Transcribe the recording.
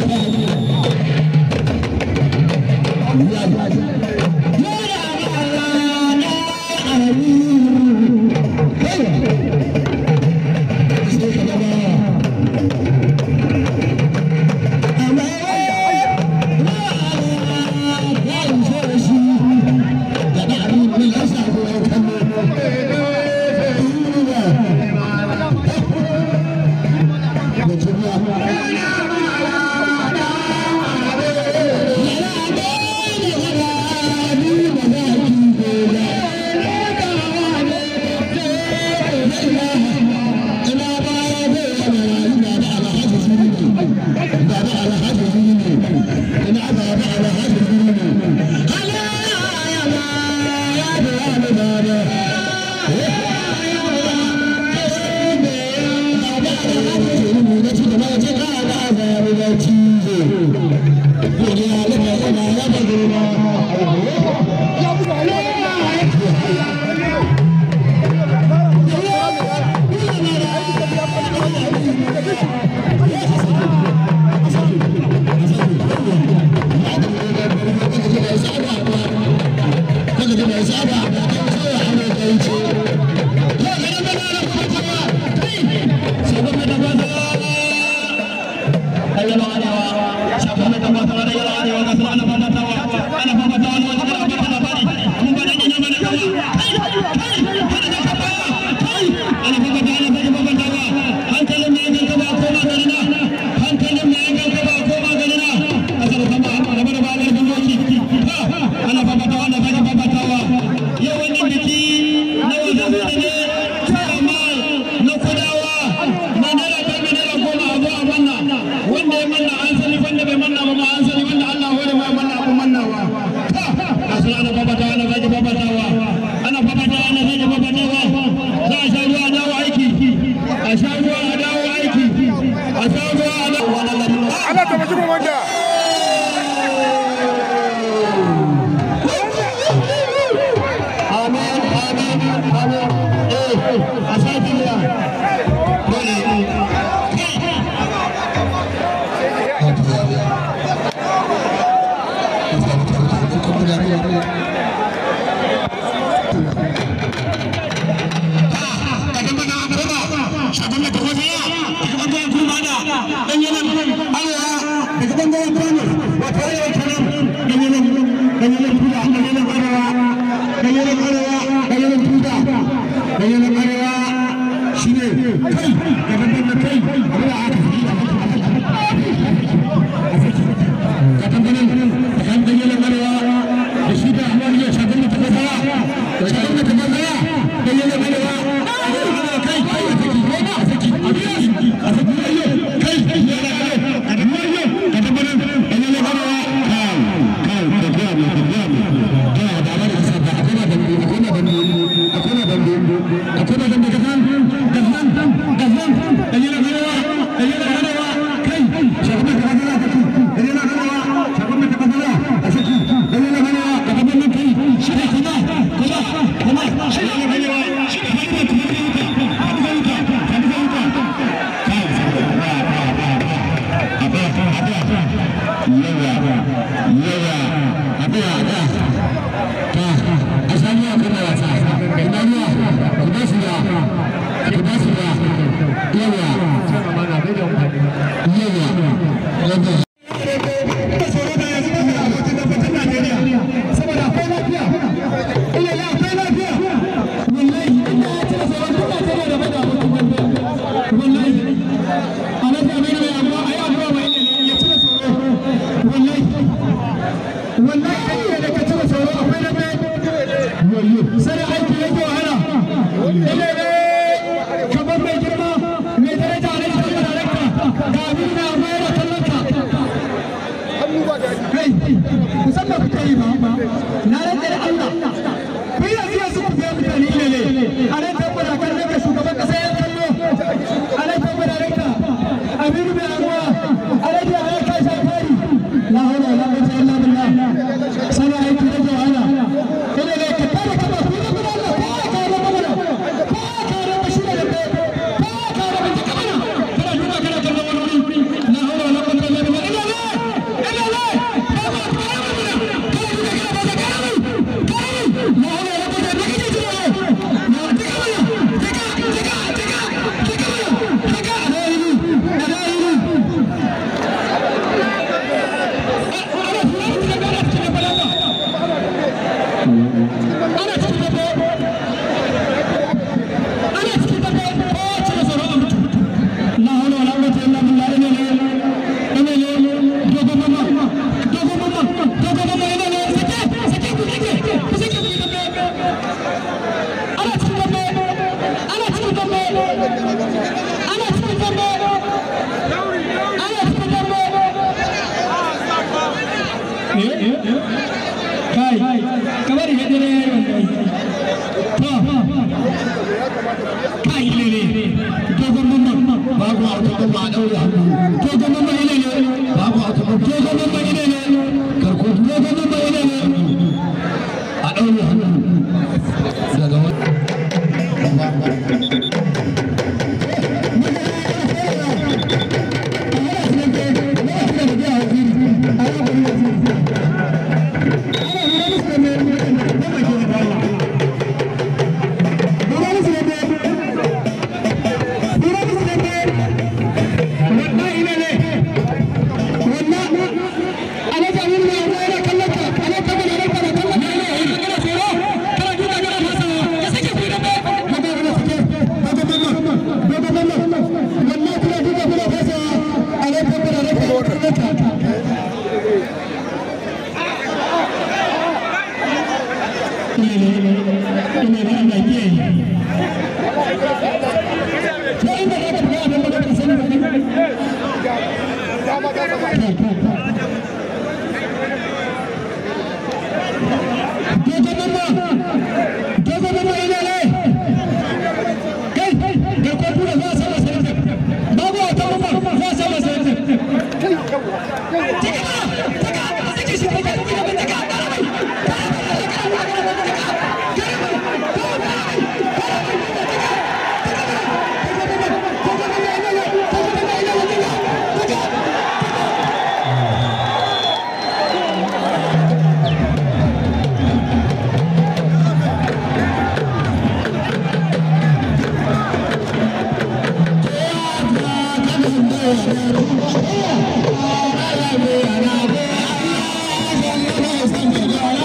Thank you. ana babata ana zage babatawa ana babata ana zage babatawa za a sha ruwa a dawo aiki a sha ruwa a dawo aiki a sha ruwa a dawo Allah ta mace komanda Amin, amin, amin. Eh, a sha musamman kuke yi ba na babu autobus ba daura to gaban mahina ne babu autobus to gaban mahina Thank you. Thank you.